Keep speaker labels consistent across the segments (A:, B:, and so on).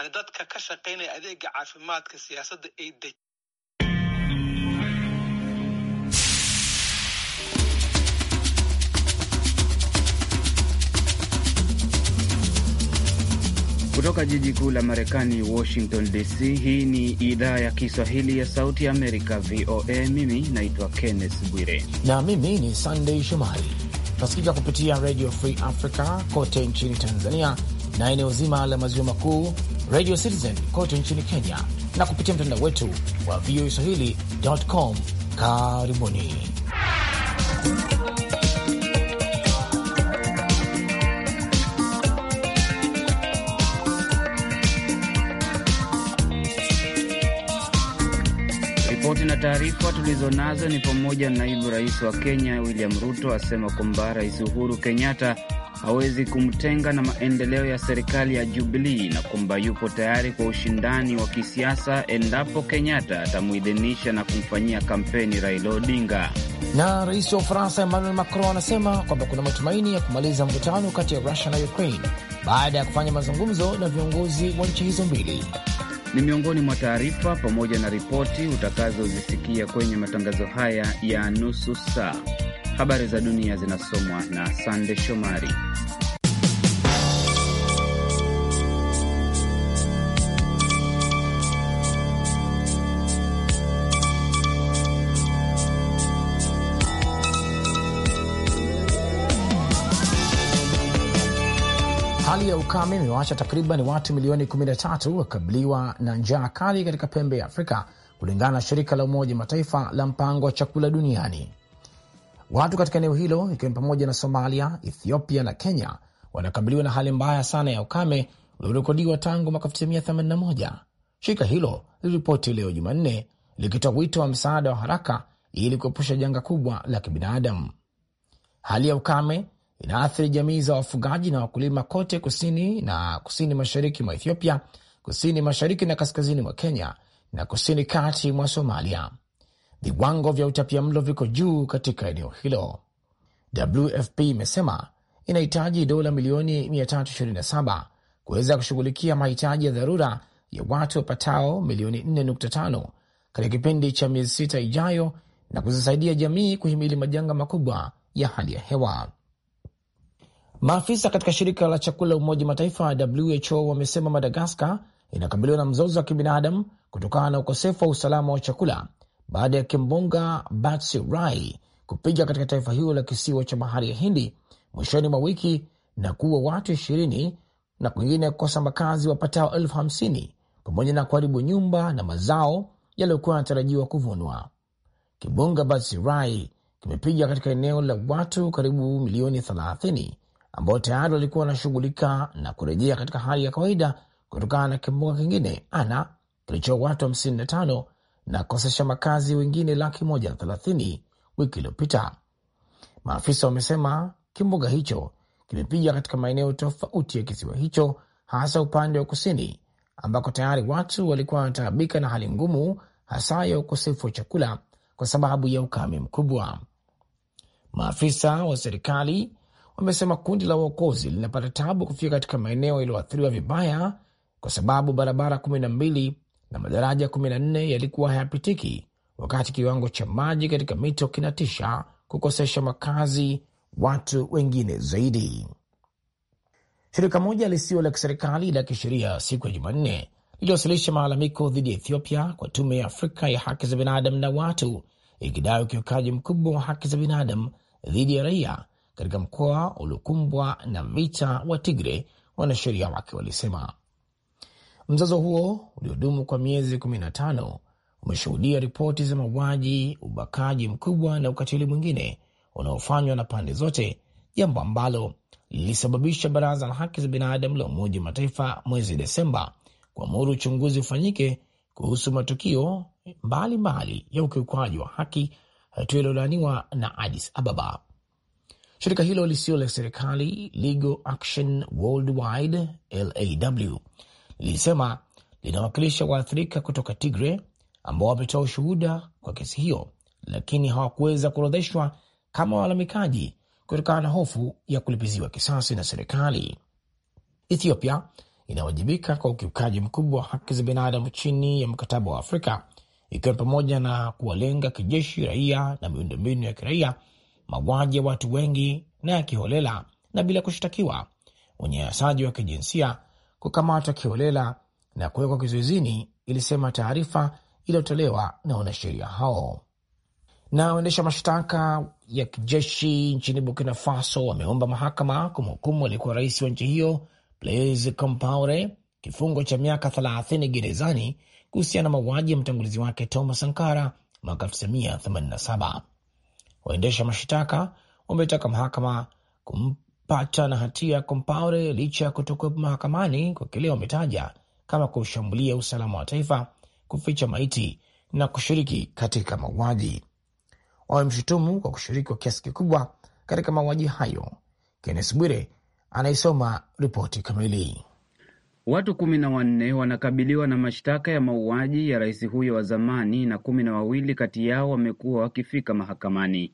A: Yaani dadka ka shaqaynaya adeega caafimaadka siyaasadda ay dej kutoka jiji kuu la Marekani, Washington DC. Hii ni idhaa ya Kiswahili ya Sauti Amerika, VOA. Mimi naitwa kennes Bwire
B: na mimi ni sandey Shomari. Tunasikika kupitia Radio Free Africa kote nchini Tanzania na eneo zima la maziwa makuu, Radio Citizen kote nchini Kenya na kupitia mtandao wetu wa VOA Swahili.com. Karibuni.
A: Ripoti na taarifa tulizonazo ni pamoja na naibu rais wa Kenya William Ruto asema kwamba Rais Uhuru Kenyatta hawezi kumtenga na maendeleo ya serikali ya Jubilii na kwamba yupo tayari kwa ushindani wa kisiasa endapo Kenyatta atamuidhinisha na kumfanyia kampeni Raila Odinga.
B: Na rais wa Ufaransa Emmanuel Macron anasema kwamba kuna matumaini ya kumaliza mvutano kati ya Rusia na Ukraine baada ya kufanya mazungumzo na viongozi wa nchi hizo mbili.
A: Ni miongoni mwa taarifa pamoja na ripoti utakazozisikia kwenye matangazo haya ya nusu saa Habari za dunia zinasomwa na Sande Shomari.
B: Hali ya ukame imewaacha takriban watu milioni 13 wakabiliwa na njaa kali katika pembe ya Afrika kulingana na shirika la Umoja Mataifa la mpango wa chakula duniani. Watu katika eneo hilo ikiwa ni pamoja na Somalia, Ethiopia na Kenya wanakabiliwa na hali mbaya sana ya ukame uliorekodiwa tangu mwaka 1981. Shirika hilo liliripoti leo Jumanne likitoa wito wa msaada wa haraka ili kuepusha janga kubwa la kibinadamu. Hali ya ukame inaathiri jamii za wafugaji na wakulima kote kusini na kusini mashariki mwa Ethiopia, kusini mashariki na kaskazini mwa Kenya na kusini kati mwa Somalia viwango vya mlo viko juu katika eneo hilo. WFP imesema inahitaji dola milioni 327 kuweza kushughulikia mahitaji ya dharura ya watu wapatao milioni 4.5 katika kipindi cha miezi sita ijayo na kuzisaidia jamii kuhimili majanga makubwa ya hali ya hewa. Maafisa katika shirika la chakula Umoja Mataifa WHO wamesema Madagaskar inakabiliwa na mzozo wa kibinadamu kutokana na ukosefu wa usalama wa chakula baada ya kimbunga Rai kupiga katika taifa hilo la kisiwa cha bahari ya Hindi mwishoni mwa wiki na kuua watu ishirini na kwingine kukosa makazi wapatao elfu hamsini pamoja na kuharibu nyumba na mazao yaliyokuwa yanatarajiwa kuvunwa. Kimbunga Rai kimepiga katika eneo la watu karibu milioni 30 ambao tayari walikuwa wanashughulika na kurejea katika hali ya kawaida kutokana na kimbunga kingine Ana kilichoua watu 55 na kukosesha makazi wengine laki moja thelathini wiki iliyopita. Maafisa wamesema kimbunga hicho kimepiga katika maeneo tofauti ya kisiwa hicho, hasa upande wa kusini ambako tayari watu walikuwa wanataabika na hali ngumu, hasa ya ukosefu wa chakula kwa sababu ya ukame mkubwa. Maafisa wa serikali wamesema kundi la uokozi linapata tabu kufika katika maeneo yaliyoathiriwa vibaya, kwa sababu barabara kumi na mbili na madaraja 14 yalikuwa hayapitiki, wakati kiwango cha maji katika mito kinatisha kukosesha makazi watu wengine zaidi. Shirika moja lisio la kiserikali la kisheria siku ya Jumanne liliwasilisha malalamiko dhidi ya Ethiopia kwa Tume ya Afrika ya Haki za Binadamu na Watu, ikidai ukiukaji mkubwa wa haki za binadamu dhidi ya raia katika mkoa uliokumbwa na vita wa Tigre, wanasheria wake walisema. Mzozo huo uliodumu kwa miezi 15 umeshuhudia ripoti za mauaji, ubakaji mkubwa na ukatili mwingine unaofanywa na pande zote, jambo ambalo lilisababisha Baraza la Haki za Binadamu la Umoja wa Mataifa mwezi Desemba kuamuru uchunguzi ufanyike kuhusu matukio mbalimbali mbali ya ukiukwaji wa haki, hatua iliyolaaniwa na Addis Ababa. Shirika hilo lisilo la serikali Legal Action Worldwide, LAW, lilisema linawakilisha waathirika kutoka Tigre ambao wametoa ushuhuda kwa kesi hiyo, lakini hawakuweza kuorodheshwa kama walalamikaji kutokana na hofu ya kulipiziwa kisasi na serikali. Ethiopia inawajibika kwa ukiukaji mkubwa wa haki za binadamu chini ya mkataba wa Afrika, ikiwa ni pamoja na kuwalenga kijeshi raia na miundombinu ya kiraia, mauaji ya watu wengi na ya kiholela na bila kushtakiwa, unyanyasaji wa kijinsia kukamatwa kiholela na kuwekwa kizuizini, ilisema taarifa iliyotolewa na wanasheria hao. Na waendesha mashtaka ya kijeshi nchini Burkina Faso wameomba mahakama kumhukumu aliyekuwa rais wa nchi hiyo Blaise Compaore kifungo cha miaka 30 gerezani kuhusiana na mauaji ya mtangulizi wake Thomas Sankara mwaka 1987. Waendesha mashtaka wametaka mahakama kupata na hatia ya Compaore licha ya kutokuwepo mahakamani kwa kile wametaja kama kushambulia usalama wa taifa, kuficha maiti na kushiriki katika mauaji. Wamemshutumu kwa kushiriki kwa kiasi kikubwa katika mauaji hayo. Kennes Bwire anaisoma ripoti kamili.
A: Watu kumi na wanne wanakabiliwa na mashtaka ya mauaji ya rais huyo wa zamani na kumi na wawili kati yao wamekuwa wakifika mahakamani.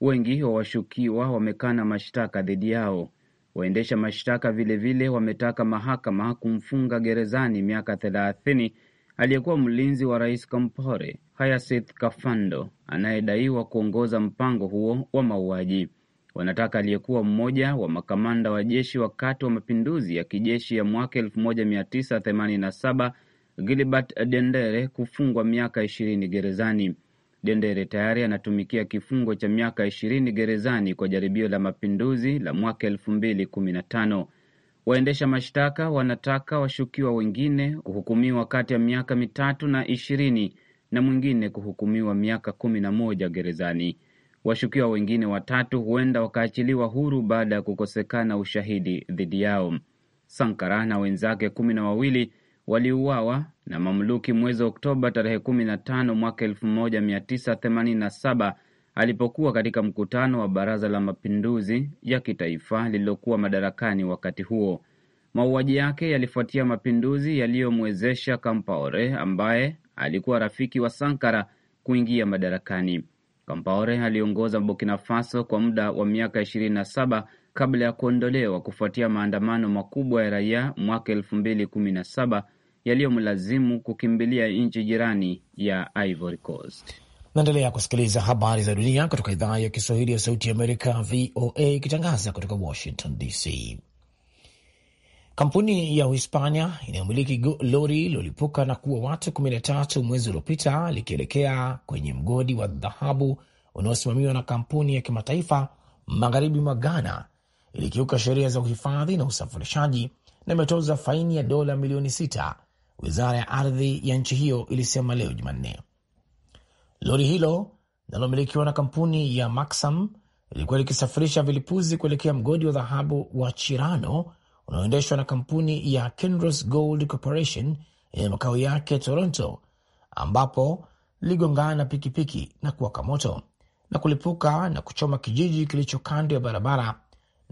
A: Wengi wa washukiwa wamekana mashtaka dhidi yao. Waendesha mashtaka vilevile wametaka mahakama kumfunga gerezani miaka thelathini aliyekuwa mlinzi wa rais Kampore, Hayasith Kafando anayedaiwa kuongoza mpango huo wa mauaji. Wanataka aliyekuwa mmoja wa makamanda wa jeshi wakati wa mapinduzi ya kijeshi ya mwaka 1987 Gilbert Dendere kufungwa miaka ishirini gerezani. Dendere tayari anatumikia kifungo cha miaka ishirini gerezani kwa jaribio la mapinduzi la mwaka elfu mbili kumi na tano. Waendesha mashtaka wanataka washukiwa wengine kuhukumiwa kati ya miaka mitatu na ishirini na mwingine kuhukumiwa miaka kumi na moja gerezani. Washukiwa wengine watatu huenda wakaachiliwa huru baada ya kukosekana ushahidi dhidi yao. Sankara na wenzake kumi na wawili waliuawa na mamluki mwezi Oktoba tarehe 15 mwaka 1987 alipokuwa katika mkutano wa Baraza la Mapinduzi ya Kitaifa lililokuwa madarakani wakati huo. Mauaji yake yalifuatia mapinduzi yaliyomwezesha Kampaore ambaye alikuwa rafiki wa Sankara kuingia madarakani. Kampaore aliongoza Burkina Faso kwa muda wa miaka 27 kabla ya kuondolewa kufuatia maandamano makubwa ya raia mwaka yaliyomlazimu kukimbilia nchi jirani ya Ivory Coast.
B: Naendelea kusikiliza habari za dunia kutoka idhaa ya Kiswahili ya Sauti ya Amerika, VOA, ikitangaza kutoka Washington DC. Kampuni ya Uhispania inayomiliki lori lilolipuka na kuwa watu 13 mwezi uliopita likielekea kwenye mgodi wa dhahabu unaosimamiwa na kampuni ya kimataifa magharibi mwa Ghana ilikiuka sheria za uhifadhi na usafirishaji na imetoza faini ya dola milioni sita wizara ya ardhi ya nchi hiyo ilisema leo Jumanne. Lori hilo linalomilikiwa na kampuni ya Maxam lilikuwa likisafirisha vilipuzi kuelekea mgodi wa dhahabu wa Chirano unaoendeshwa na kampuni ya Kinross Gold Corporation yenye makao yake Toronto, ambapo liligongana na pikipiki na kuwaka moto na kulipuka na kuchoma kijiji kilicho kando ya barabara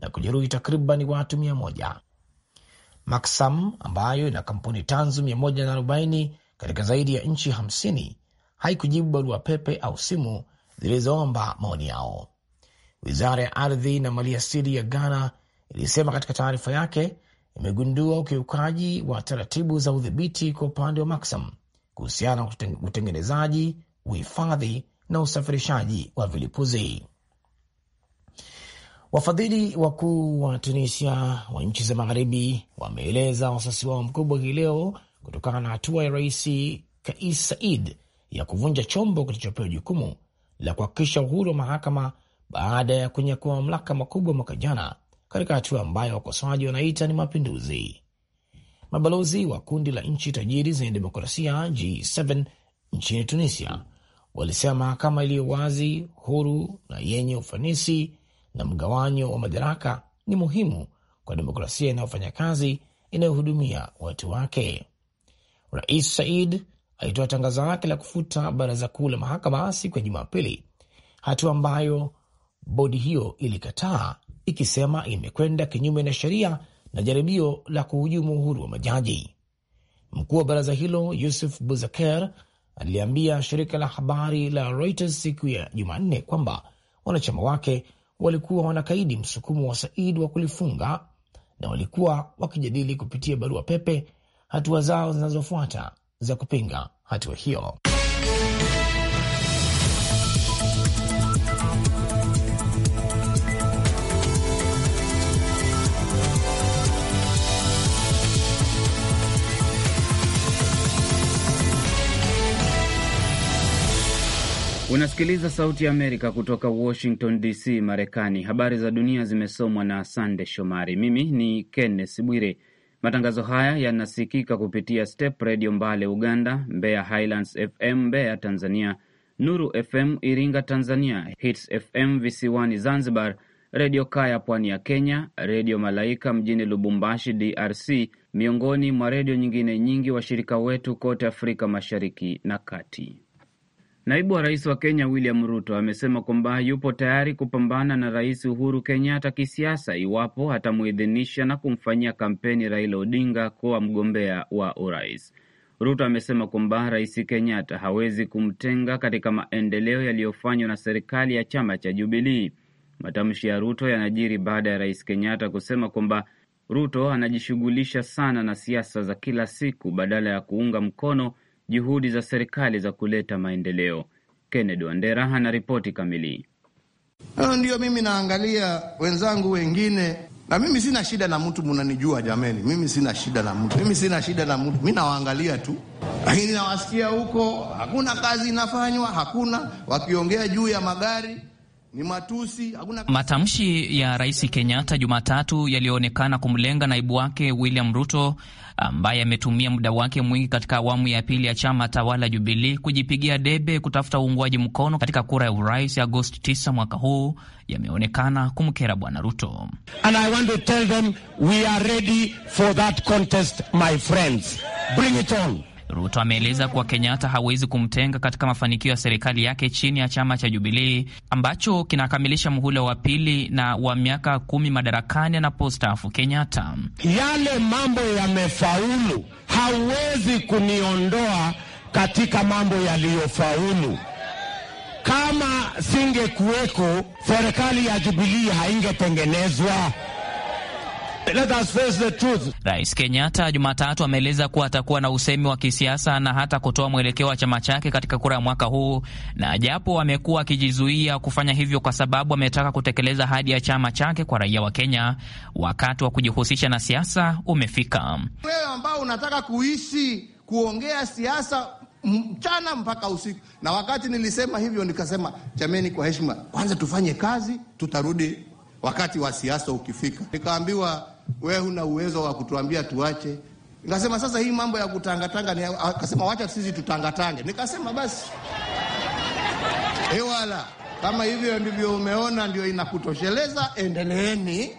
B: na kujeruhi takriban watu mia moja. Maxam ambayo ina kampuni tanzu 140 katika zaidi ya nchi 50 haikujibu barua pepe au simu zilizoomba maoni yao. Wizara ya ardhi na maliasili ya Ghana ilisema katika taarifa yake imegundua ukiukaji wa taratibu za udhibiti kwa upande wa Maxam kuhusiana na utengenezaji, uhifadhi na usafirishaji wa vilipuzi. Wafadhili wakuu wa Tunisia wa nchi za magharibi wameeleza wasiwasi wao mkubwa hii leo kutokana na hatua ya Rais Kais Saied ya kuvunja chombo kilichopewa jukumu la kuhakikisha uhuru wa mahakama baada ya kunyakua mamlaka makubwa mwaka jana, katika hatua ambayo wakosoaji wanaita ni mapinduzi. Mabalozi wa kundi la nchi tajiri zenye demokrasia G7 nchini Tunisia walisema mahakama iliyo wazi, huru na yenye ufanisi na mgawanyo wa madaraka ni muhimu kwa demokrasia inayofanya kazi inayohudumia watu wake. Rais Said alitoa tangazo lake la kufuta baraza kuu la mahakama siku ya Jumapili, hatua ambayo bodi hiyo ilikataa ikisema imekwenda kinyume na sheria na jaribio la kuhujumu uhuru wa majaji. Mkuu wa baraza hilo Yusuf Buzaker aliliambia shirika la habari la Reuters siku ya Jumanne kwamba wanachama wake walikuwa wanakaidi msukumo wa Said wa kulifunga na walikuwa wakijadili kupitia barua pepe hatua zao zinazofuata za kupinga hatua hiyo.
A: Unasikiliza Sauti ya Amerika kutoka Washington DC, Marekani. Habari za dunia zimesomwa na Sande Shomari. Mimi ni Kenneth Bwire. Matangazo haya yanasikika kupitia Step Redio Mbale Uganda, Mbeya Highlands FM Mbeya Tanzania, Nuru FM Iringa Tanzania, Hits FM visiwani Zanzibar, Redio Kaya pwani ya Kenya, Redio Malaika mjini Lubumbashi DRC, miongoni mwa redio nyingine nyingi washirika wetu kote Afrika Mashariki na Kati. Naibu wa rais wa Kenya William Ruto amesema kwamba yupo tayari kupambana na Rais Uhuru Kenyatta kisiasa iwapo atamuidhinisha na kumfanyia kampeni Raila Odinga kuwa mgombea wa urais. Ruto amesema kwamba Rais Kenyatta hawezi kumtenga katika maendeleo yaliyofanywa na serikali ya chama cha Jubilii. Matamshi ya Ruto yanajiri baada ya Rais Kenyatta kusema kwamba Ruto anajishughulisha sana na siasa za kila siku badala ya kuunga mkono juhudi za serikali za kuleta maendeleo. Kennedy Wandera
C: ripoti kamili. Hayo ndiyo mimi naangalia wenzangu wengine, na mimi sina shida na mtu, munanijua jameni, mimi sina shida na mtu, mimi sina shida na mtu, mi nawaangalia tu, lakini nawasikia huko hakuna kazi inafanywa, hakuna wakiongea juu ya magari ni matusi, hakuna...
D: Matamshi ya Rais Kenyatta Jumatatu yaliyoonekana kumlenga naibu wake William Ruto ambaye ametumia muda wake mwingi katika awamu ya pili ya chama tawala Jubilii kujipigia debe kutafuta uungwaji mkono katika kura ya urais Agosti 9 mwaka huu yameonekana kumkera Bwana Ruto. Ruto ameeleza kuwa Kenyatta hawezi kumtenga katika mafanikio ya serikali yake chini ya chama cha Jubilii ambacho kinakamilisha muhula wa pili na wa miaka kumi madarakani anapostaafu Kenyatta.
E: Yale mambo yamefaulu, hauwezi
B: kuniondoa katika mambo yaliyofaulu. Kama singekuweko serikali ya Jubilii haingetengenezwa.
F: Let us face the truth.
D: Rais Kenyatta Jumatatu ameeleza kuwa atakuwa na usemi wa kisiasa na hata kutoa mwelekeo wa chama chake katika kura ya mwaka huu, na japo amekuwa akijizuia kufanya hivyo kwa sababu ametaka kutekeleza hadi ya chama chake kwa raia wa Kenya, wakati wa kujihusisha na siasa umefika.
C: Wewe ambao unataka kuishi kuongea siasa mchana mpaka usiku. Na wakati nilisema hivyo, nikasema jameni, kwa heshima, kwanza tufanye kazi, tutarudi wakati wa siasa ukifika. Nikaambiwa we huna uwezo wa kutuambia tuache. Nikasema sasa hii mambo ya kutangatanga, akasema wacha sisi tutangatange. Nikasema basi ewala, eh, kama hivyo ndivyo umeona ndio inakutosheleza, endeleeni.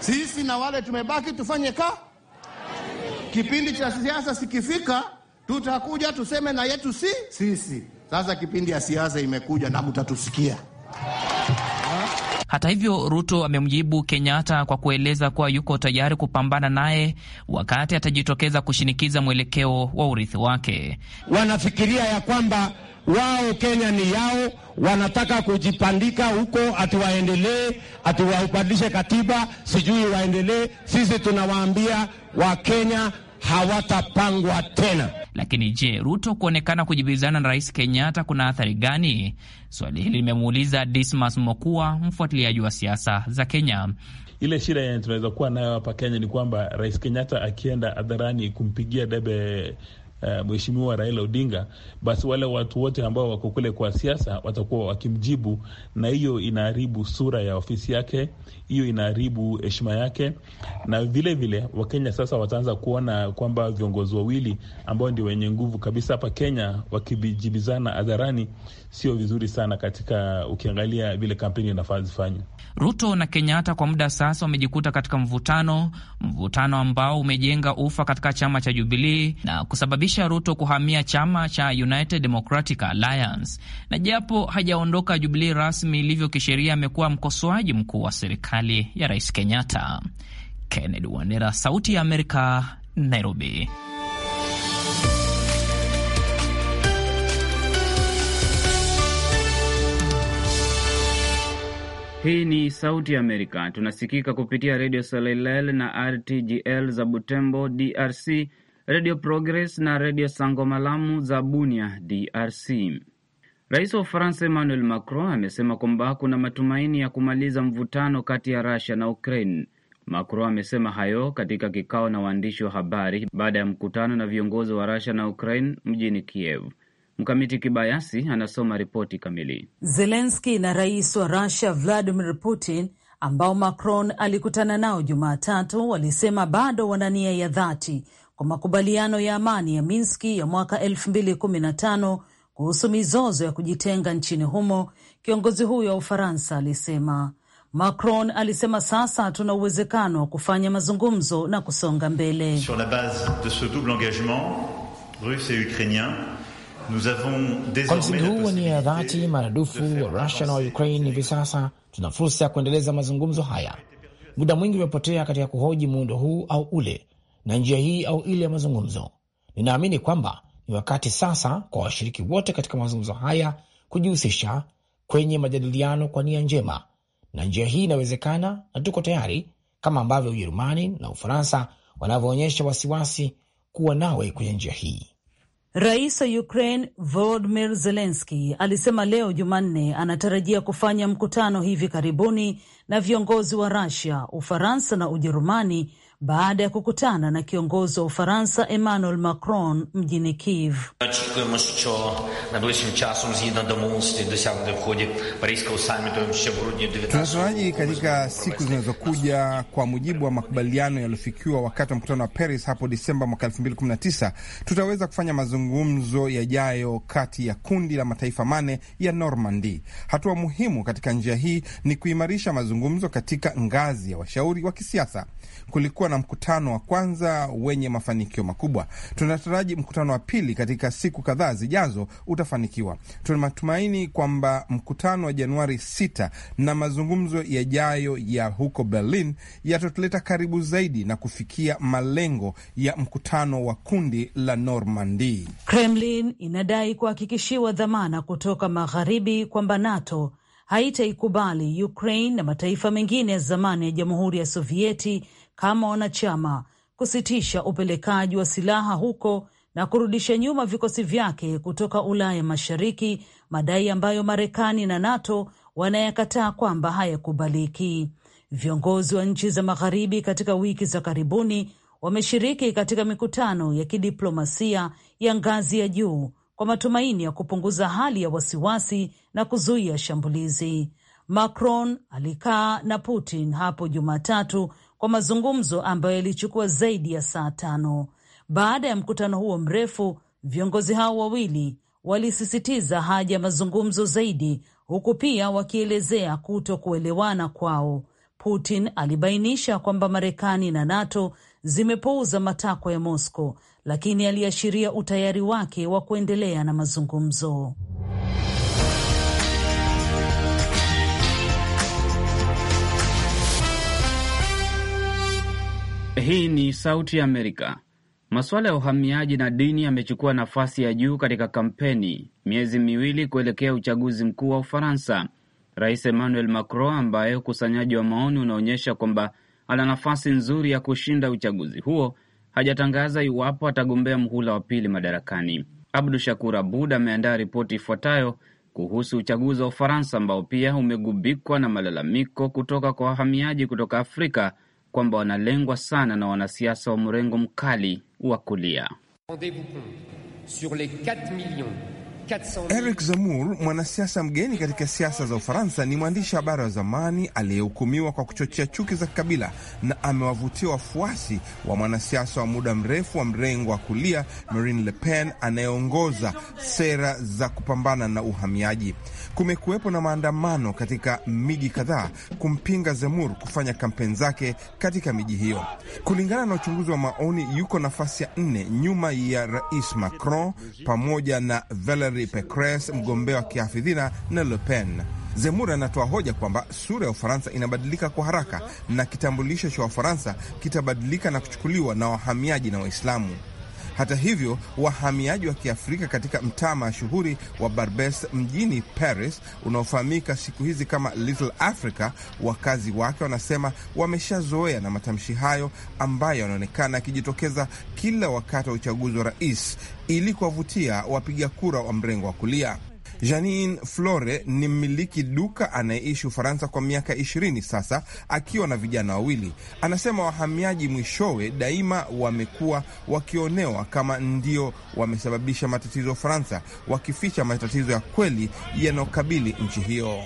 C: Sisi na wale tumebaki tufanye ka kipindi cha siasa sikifika, tutakuja tuseme na yetu si sisi. Sasa kipindi ya siasa imekuja na mutatusikia.
D: Hata hivyo, Ruto amemjibu Kenyatta kwa kueleza kuwa yuko tayari kupambana naye wakati atajitokeza kushinikiza mwelekeo wa urithi wake.
B: Wanafikiria ya kwamba wao Kenya ni yao, wanataka kujipandika huko, ati waendelee, ati waubadilishe katiba, sijui waendelee. Sisi tunawaambia Wakenya hawatapangwa tena.
D: Lakini je, Ruto kuonekana kujibizana na Rais Kenyatta kuna athari gani? Swali hili limemuuliza Dismas Mokua, mfuatiliaji wa siasa za Kenya.
E: Ile shida yenye tunaweza kuwa nayo hapa Kenya ni kwamba Rais Kenyatta akienda hadharani kumpigia debe uh, mheshimiwa Raila Odinga, basi wale watu wote ambao wako kule kwa siasa watakuwa wakimjibu, na hiyo inaharibu sura ya ofisi yake, hiyo inaharibu heshima yake, na vilevile Wakenya sasa wataanza kuona kwamba viongozi wawili ambao ndio wenye nguvu kabisa hapa Kenya wakijibizana hadharani sio vizuri sana, katika ukiangalia vile kampeni inafaa
D: Ruto na Kenyatta kwa muda sasa wamejikuta katika mvutano, mvutano ambao umejenga ufa katika chama cha Jubilii na kusababisha kumsababisha Ruto kuhamia chama cha United Democratic Alliance, na japo hajaondoka jubilii rasmi ilivyo kisheria, amekuwa mkosoaji mkuu wa serikali ya Rais Kenyatta. Kennedy Wandera, Sauti ya Amerika, Nairobi.
A: Hii ni Sauti ya Amerika. Tunasikika kupitia redio Soleil na RTGL za Butembo, DRC, Radio Progress na Radio malamu za Bunia, DRC. Rais wa Ufaransa Emmanuel Macron amesema kwamba kuna matumaini ya kumaliza mvutano kati ya rasia na Ukraine. Macron amesema hayo katika kikao na waandishi wa habari baada ya mkutano na viongozi wa Russia na Ukraine mjini Kiev. Mkamiti Kibayasi anasoma ripoti kamili.
F: Zelenski na rais wa rusia Vladimir Putin ambao Macron alikutana nao Jumatatu walisema bado wana nia ya dhati kwa makubaliano ya amani ya Minski ya mwaka 215 kuhusu mizozo ya kujitenga nchini humo. Kiongozi huyo wa Ufaransa alisema. Macron alisema sasa tuna uwezekano wa kufanya mazungumzo na kusonga mbele. Sur
G: la base de ce double engagement russe et ukrainien kwa msingi huu
B: wa nia ya dhati maradufu wa Rusia na wa Ukraine, hivi sasa tuna fursa ya kuendeleza mazungumzo haya. Muda mwingi umepotea katika kuhoji muundo huu au ule, na njia hii au ile ya mazungumzo. Ninaamini kwamba ni wakati sasa kwa washiriki wote katika mazungumzo haya kujihusisha kwenye majadiliano kwa nia njema, na njia hii inawezekana, na tuko tayari, kama ambavyo Ujerumani na Ufaransa wanavyoonyesha wasiwasi kuwa nawe kwenye njia hii.
F: Rais wa Ukraine Volodymyr Zelensky alisema leo Jumanne anatarajia kufanya mkutano hivi karibuni na viongozi wa Russia, Ufaransa na Ujerumani baada ya kukutana na kiongozi wa Ufaransa Emmanuel Macron mjini
E: Kiev.
D: Tunataraji katika siku
E: zinazokuja, kwa mujibu wa makubaliano yaliyofikiwa wakati wa mkutano wa Paris hapo Disemba mwaka 2019, tutaweza kufanya mazungumzo yajayo kati ya kundi la mataifa mane ya Normandy. Hatua muhimu katika njia hii ni kuimarisha mazungumzo katika ngazi ya washauri wa kisiasa. Kulikuwa na mkutano wa kwanza wenye mafanikio makubwa. Tunataraji mkutano wa pili katika siku kadhaa zijazo utafanikiwa. Tuna matumaini kwamba mkutano wa Januari 6 na mazungumzo yajayo ya huko Berlin yatatuleta karibu zaidi na kufikia malengo ya mkutano wa kundi la Normandi.
F: Kremlin inadai kuhakikishiwa dhamana kutoka magharibi kwamba NATO haitaikubali Ukraine na mataifa mengine ya zamani ya Jamhuri ya Sovieti kama wanachama kusitisha upelekaji wa silaha huko na kurudisha nyuma vikosi vyake kutoka Ulaya Mashariki, madai ambayo Marekani na NATO wanayakataa kwamba hayakubaliki. Viongozi wa nchi za Magharibi katika wiki za karibuni wameshiriki katika mikutano ya kidiplomasia ya ngazi ya juu kwa matumaini ya kupunguza hali ya wasiwasi na kuzuia shambulizi. Macron alikaa na Putin hapo Jumatatu kwa mazungumzo ambayo yalichukua zaidi ya saa tano. Baada ya mkutano huo mrefu, viongozi hao wawili walisisitiza haja ya mazungumzo zaidi, huku pia wakielezea kuto kuelewana kwao. Putin alibainisha kwamba Marekani na NATO zimepuuza matakwa ya Moscow, lakini aliashiria utayari wake wa kuendelea na mazungumzo.
A: Hii ni Sauti ya Amerika. Masuala ya uhamiaji na dini yamechukua nafasi ya juu katika kampeni, miezi miwili kuelekea uchaguzi mkuu wa Ufaransa. Rais Emmanuel Macron, ambaye ukusanyaji wa maoni unaonyesha kwamba ana nafasi nzuri ya kushinda uchaguzi huo, hajatangaza iwapo atagombea mhula wa pili madarakani. Abdu Shakur Abud ameandaa ripoti ifuatayo kuhusu uchaguzi wa Ufaransa ambao pia umegubikwa na malalamiko kutoka kwa wahamiaji kutoka Afrika kwamba wanalengwa sana na wanasiasa wa mrengo mkali wa kulia. Eric
E: Zemmour, mwanasiasa mgeni katika siasa za Ufaransa, ni mwandishi habari wa zamani aliyehukumiwa kwa kuchochea chuki za kikabila na amewavutia wafuasi wa mwanasiasa wa muda mrefu wa mrengo wa kulia Marine Le Pen anayeongoza sera za kupambana na uhamiaji. Kumekuwepo na maandamano katika miji kadhaa kumpinga Zemmour kufanya kampeni zake katika miji hiyo. Kulingana na uchunguzi wa maoni, yuko nafasi ya nne nyuma ya Rais Macron pamoja na Valérie Valerie Pecres, mgombea wa kihafidhina na Le Pen. Zemura anatoa hoja kwamba sura ya Ufaransa inabadilika kwa haraka na kitambulisho cha Wafaransa kitabadilika na kuchukuliwa na wahamiaji na Waislamu. Hata hivyo, wahamiaji wa Kiafrika katika mtaa mashuhuri wa Barbes mjini Paris unaofahamika siku hizi kama Little Africa, wakazi wake wanasema wameshazoea na matamshi hayo ambayo yanaonekana yakijitokeza kila wakati wa uchaguzi wa rais ili kuwavutia wapiga kura wa mrengo wa kulia. Janine Flore ni mmiliki duka anayeishi Ufaransa kwa miaka ishirini sasa, akiwa na vijana wawili. Anasema wahamiaji mwishowe daima wamekuwa wakionewa kama ndio wamesababisha matatizo ya Ufaransa, wakificha matatizo ya kweli yanayokabili nchi hiyo.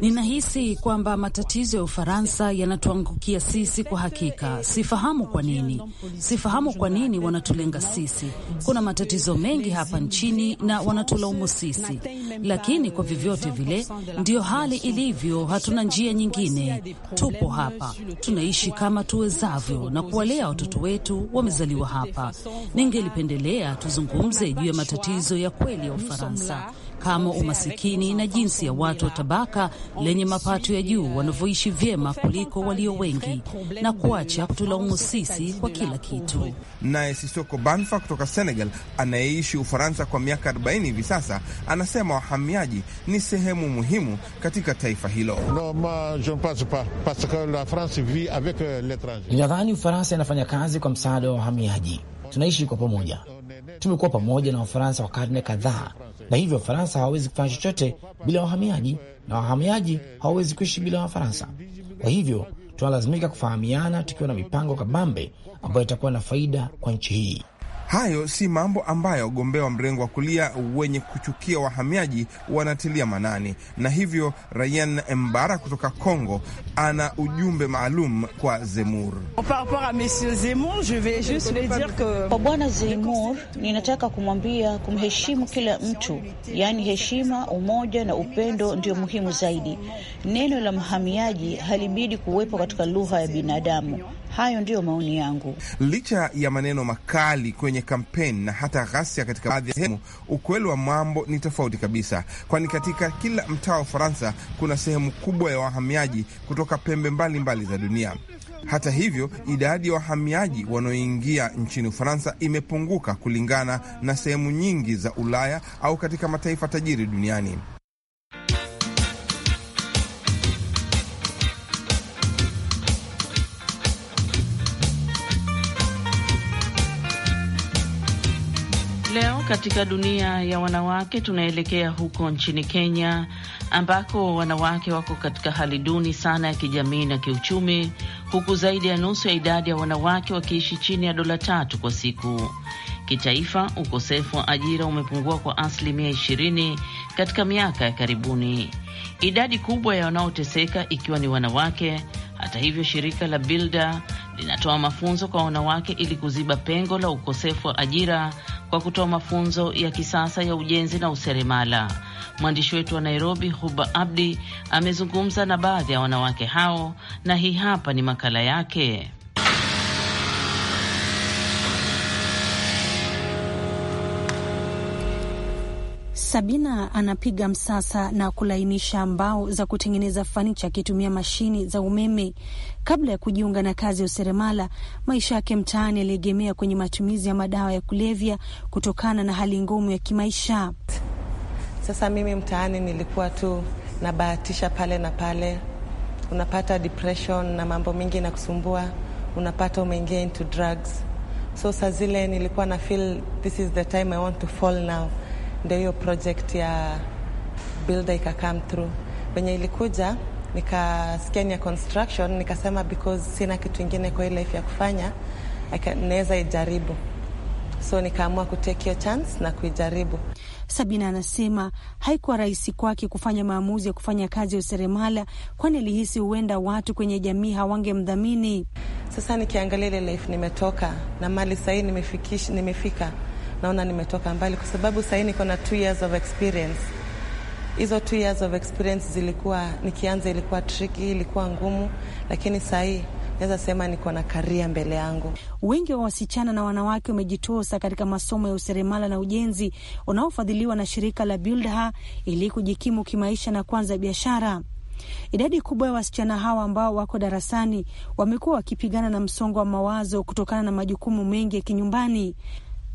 F: Ninahisi kwamba matatizo ya Ufaransa yanatuangukia sisi. Kwa hakika sifahamu kwa nini, sifahamu kwa nini wanatulenga sisi. Kuna matatizo matatizo mengi hapa nchini na wanatulaumu sisi, lakini kwa vyovyote vile ndio hali ilivyo. Hatuna njia nyingine, tupo hapa, tunaishi kama tuwezavyo na kuwalea watoto wetu, wamezaliwa hapa. Ningelipendelea tuzungumze juu ya matatizo ya kweli ya Ufaransa kama umasikini na jinsi ya watu wa tabaka lenye mapato ya juu
E: wanavyoishi vyema kuliko walio wengi na kuacha kutulaumu sisi kwa kila kitu. Naye Sisoko Banfa kutoka Senegal anayeishi Ufaransa kwa miaka 40 hivi sasa anasema wahamiaji ni sehemu muhimu katika taifa hilo. Euh,
B: Ninadhani Ufaransa inafanya kazi kwa msaada wa wahamiaji, tunaishi kwa pamoja Tumekuwa pamoja na Wafaransa wa karne kadhaa, na hivyo Wafaransa hawawezi kufanya chochote bila wahamiaji, na wahamiaji hawawezi kuishi bila Wafaransa. Kwa hivyo tunalazimika kufahamiana, tukiwa na mipango kabambe ambayo itakuwa na faida kwa nchi hii. Hayo si mambo ambayo wagombea wa mrengo wa kulia wenye kuchukia
E: wahamiaji wanatilia manani, na hivyo Rayan Embara kutoka Kongo ana ujumbe maalum kwa Zemur.
F: Kwa bwana Zemur, ninataka kumwambia kumheshimu kila mtu, yaani heshima, umoja na upendo ndio muhimu zaidi. Neno la mhamiaji halibidi kuwepo katika lugha ya binadamu Hayo ndiyo maoni yangu.
E: Licha ya maneno makali kwenye kampeni na hata ghasia katika baadhi ya sehemu, ukweli wa mambo ni tofauti kabisa, kwani katika kila mtaa wa Ufaransa kuna sehemu kubwa ya wahamiaji kutoka pembe mbalimbali mbali za dunia. Hata hivyo, idadi ya wahamiaji wanaoingia nchini Ufaransa imepunguka kulingana na sehemu nyingi za Ulaya au katika mataifa tajiri duniani.
F: Leo katika dunia ya wanawake tunaelekea huko nchini Kenya ambako wanawake wako katika hali duni sana ya kijamii na kiuchumi, huku zaidi ya nusu ya idadi ya wanawake wakiishi chini ya dola tatu kwa siku. Kitaifa, ukosefu wa ajira umepungua kwa asilimia ishirini katika miaka ya karibuni, idadi kubwa ya wanaoteseka ikiwa ni wanawake. Hata hivyo, shirika la Builder linatoa mafunzo kwa wanawake ili kuziba pengo la ukosefu wa ajira kwa kutoa mafunzo ya kisasa ya ujenzi na useremala. Mwandishi wetu wa Nairobi, Huba Abdi, amezungumza na baadhi ya wanawake hao na hii hapa ni makala yake.
H: Sabina anapiga msasa na kulainisha mbao za kutengeneza fanicha akitumia mashini za umeme. Kabla ya kujiunga na kazi ya useremala, maisha yake mtaani yaliegemea kwenye matumizi ya madawa ya kulevya kutokana na hali ngumu ya kimaisha.
G: Sasa mimi mtaani nilikuwa tu nabahatisha pale na pale, unapata depression na mambo mengi na kusumbua, unapata umeingia into drugs. So saa zile nilikuwa na feel this is the time I want to fall now. Ndio hiyo project ya builder ikakam through venye ilikuja nikasikia ni construction, nikasema because sina kitu ingine kwa hii life ya kufanya, naweza ijaribu, so nikaamua kutake hiyo chance na kuijaribu. Sabina
H: anasema haikuwa rahisi kwake kufanya maamuzi ya kufanya kazi ya useremala, kwani alihisi
G: huenda watu kwenye jamii hawangemdhamini. Sasa nikiangalia ile life nimetoka na mali sahii nimefika, naona nimetoka mbali, kwa sababu sahii niko na two years of experience hizo two years of experience zilikuwa nikianza, ilikuwa tricky, ilikuwa ngumu, lakini sahii naweza sema niko na karia mbele yangu. Wengi wa wasichana
H: na wanawake wamejitosa katika masomo ya useremala na ujenzi unaofadhiliwa na shirika la Buildha ili kujikimu kimaisha na kuanza biashara. Idadi kubwa ya wasichana hawa ambao wako darasani wamekuwa wakipigana na msongo wa mawazo kutokana na majukumu mengi ya kinyumbani.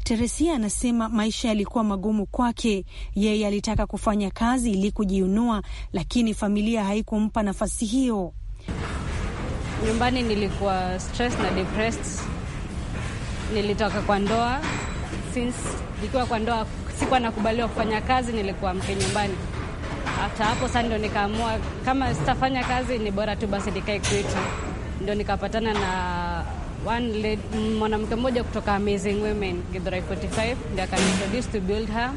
H: Teresia anasema maisha yalikuwa magumu kwake. Yeye alitaka kufanya kazi ili kujiunua lakini familia haikumpa nafasi hiyo.
F: Nyumbani nilikuwa stress na depressed. Nilitoka kwa ndoa since nikiwa kwa ndoa sikuwa nakubaliwa kufanya kazi, nilikuwa mke nyumbani. Hata hapo sasa ndo nikaamua kama sitafanya kazi ni bora tu basi nikae kwetu, ndo nikapatana na mwanamke mmoja kutoka Amazing Women Githurai 45 ndio akanintroduce to build her,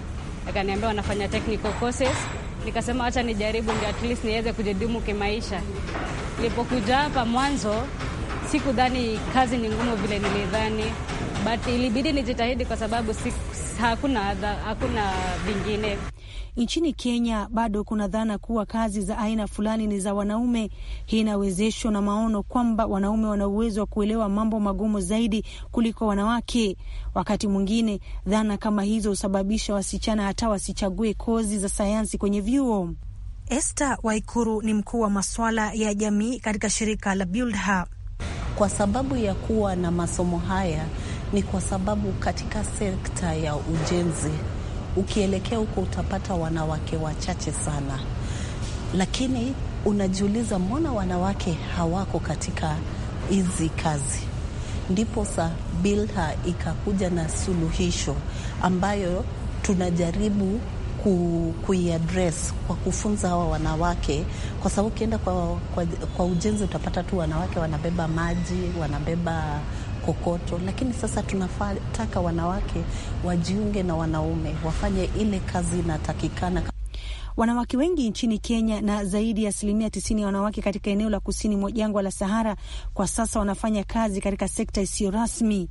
F: akaniambia wanafanya technical courses. Nikasema hacha nijaribu, ndio at least niweze kujidimu kimaisha. Nilipokuja hapa mwanzo sikudhani kazi ni ngumu vile nilidhani, but ilibidi nijitahidi kwa sababu si, hakuna, hakuna vingine
H: Nchini Kenya bado kuna dhana kuwa kazi za aina fulani ni za wanaume. Hii inawezeshwa na maono kwamba wanaume wana uwezo wa kuelewa mambo magumu zaidi kuliko wanawake. Wakati mwingine dhana kama hizo husababisha wasichana hata wasichague kozi za sayansi kwenye vyuo. Esther Waikuru ni mkuu wa masuala ya jamii katika shirika la BuildHer. Kwa sababu ya kuwa na masomo haya, ni kwa sababu katika sekta ya ujenzi Ukielekea huko utapata wanawake wachache sana, lakini unajiuliza mbona wanawake hawako katika hizi kazi? ndipo sa Bilha ikakuja na suluhisho ambayo tunajaribu kuiadres kwa kufunza hawa wanawake, kwa sababu ukienda kwa, kwa, kwa ujenzi utapata tu wanawake wanabeba maji, wanabeba kokoto, lakini sasa tunataka wanawake wajiunge na wanaume wafanye ile kazi inatakikana. Wanawake wengi nchini Kenya na zaidi ya asilimia tisini ya wanawake katika eneo la kusini mwa jangwa la Sahara kwa sasa wanafanya kazi katika sekta isiyo rasmi.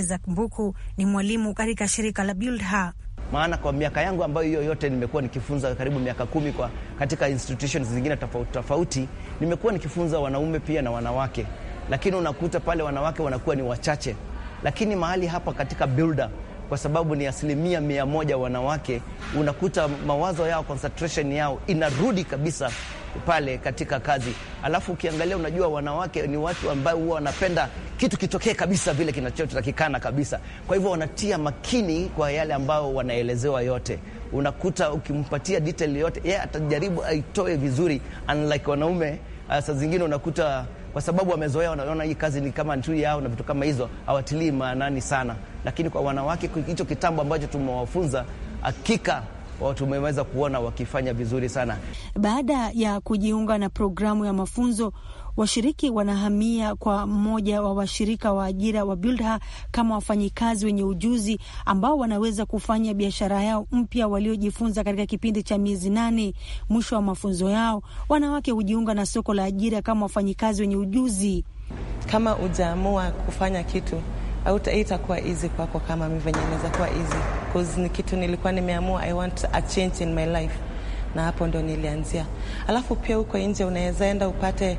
H: Isaac Mbuku ni mwalimu katika shirika la Buildha.
C: Maana kwa miaka yangu ambayo hiyo yote nimekuwa nikifunza karibu miaka kumi kwa katika institutions zingine tofauti tofauti, nimekuwa nikifunza wanaume pia na wanawake lakini unakuta pale wanawake wanakuwa ni wachache, lakini mahali hapa katika Builder kwa sababu ni asilimia mia moja wanawake, unakuta mawazo yao concentration yao inarudi kabisa pale katika kazi. Alafu ukiangalia, unajua wanawake ni watu ambao huwa wanapenda kitu kitokee kabisa vile kinachotakikana kabisa. Kwa hivyo wanatia makini kwa yale ambao wanaelezewa yote. Unakuta ukimpatia detail yote, yeye atajaribu aitoe vizuri, unlike wanaume. Ah, saa zingine unakuta kwa sababu wamezoea, wanaona hii kazi ni kama ntui yao na vitu kama hizo, hawatilii maanani sana. Lakini kwa wanawake, hicho kitambo ambacho tumewafunza, hakika tumeweza kuona wakifanya vizuri sana.
H: Baada ya kujiunga na programu ya mafunzo, Washiriki wanahamia kwa mmoja wa washirika wa ajira wa Buildher kama wafanyikazi wenye ujuzi ambao wanaweza kufanya biashara yao mpya waliojifunza katika kipindi cha miezi nane. Mwisho wa mafunzo yao, wanawake hujiunga na soko la ajira kama
G: wafanyikazi wenye ujuzi. Kama ujaamua kufanya kitu itakuwa easy kwako, kama mimi venye inaweza kuwa easy cause ni kitu nilikuwa nimeamua, I want a change in my life, na hapo ndo nilianzia. Alafu pia huko nje unaweza enda upate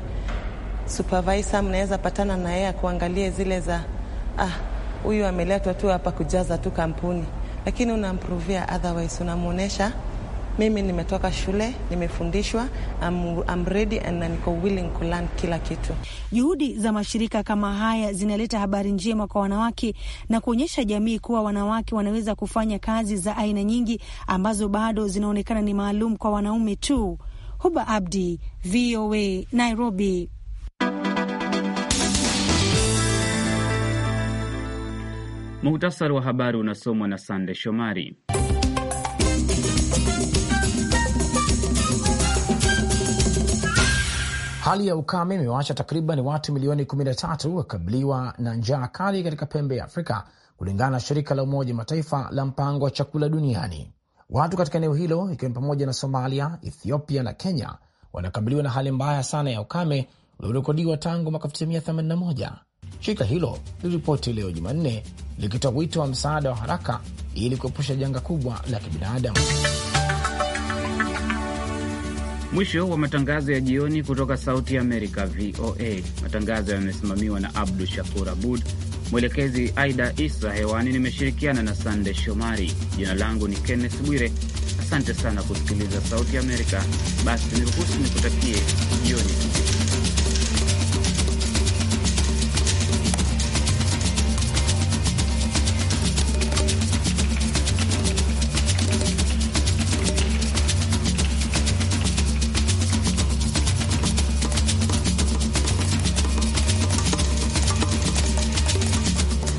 G: supervisor mnaweza patana na yeye kuangalia zile za ah, huyu ameletwa tu hapa kujaza tu kampuni, lakini unamprovia otherwise, unamwonyesha mimi nimetoka shule, nimefundishwa, I'm, I'm ready and niko willing learn kila kitu.
H: Juhudi za mashirika kama haya zinaleta habari njema kwa wanawake na kuonyesha jamii kuwa wanawake wanaweza kufanya kazi za aina nyingi ambazo bado zinaonekana ni maalum kwa wanaume tu. Huba Abdi, VOA, Nairobi.
A: Muhtasari wa habari unasomwa na Sande Shomari.
B: Hali ya ukame imewaacha takriban watu milioni 13 wakabiliwa na njaa kali katika pembe ya Afrika, kulingana na shirika la Umoja Mataifa la mpango wa chakula duniani. Watu katika eneo hilo ikiwa ni pamoja na Somalia, Ethiopia na Kenya wanakabiliwa na hali mbaya sana ya ukame uliorekodiwa tangu mwaka Shirika hilo liliripoti leo Jumanne likitoa wito wa msaada wa haraka ili kuepusha janga kubwa la kibinadamu.
A: Mwisho wa matangazo ya jioni kutoka Sauti Amerika, VOA. Matangazo yamesimamiwa na Abdu Shakur Abud, mwelekezi Aida Isa. Hewani nimeshirikiana na Sande Shomari. Jina langu ni Kenneth Bwire. Asante sana kusikiliza Sauti Amerika. Basi niruhusu nikutakie jioni.